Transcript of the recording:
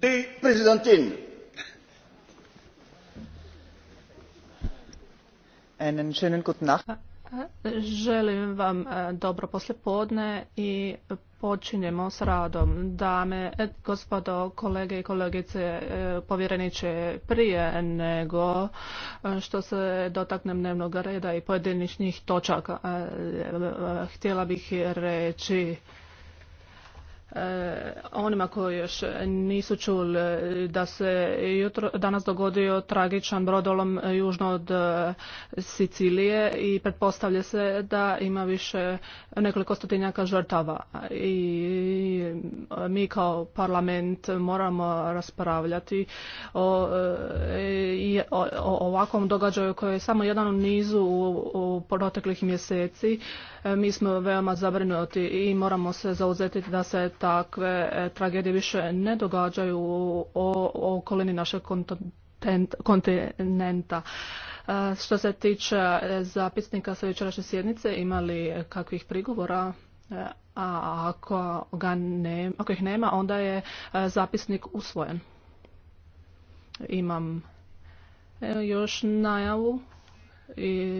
Die Želim vam e, dobro poslijepodne i počinjemo s radom. Dame, e, gospodo, kolege i kolegice, e, povjereniče, prije nego što se dotaknem dnevnog reda i pojedinačnih točaka, htjela bih reći Eh, onima koji još nisu čuli eh, da se jutro, danas dogodio tragičan brodolom eh, južno od Sicilije i pretpostavlja se da ima više nekoliko stotinjaka žrtava i mi kao parlament moramo raspravljati o, o ovakvom događaju koji je samo jedan u nizu u proteklih mjeseci. E, mi smo veoma zabrinuti i moramo se zauzeti da se takve e, tragedije više ne događaju u okolini našeg kontinenta. E, što se tiče zapisnika sa jučerašnje sjednice, imali kakvih prigovora? A ako, ga ako ih nema, onda je zapisnik usvojen. Imam još najavu i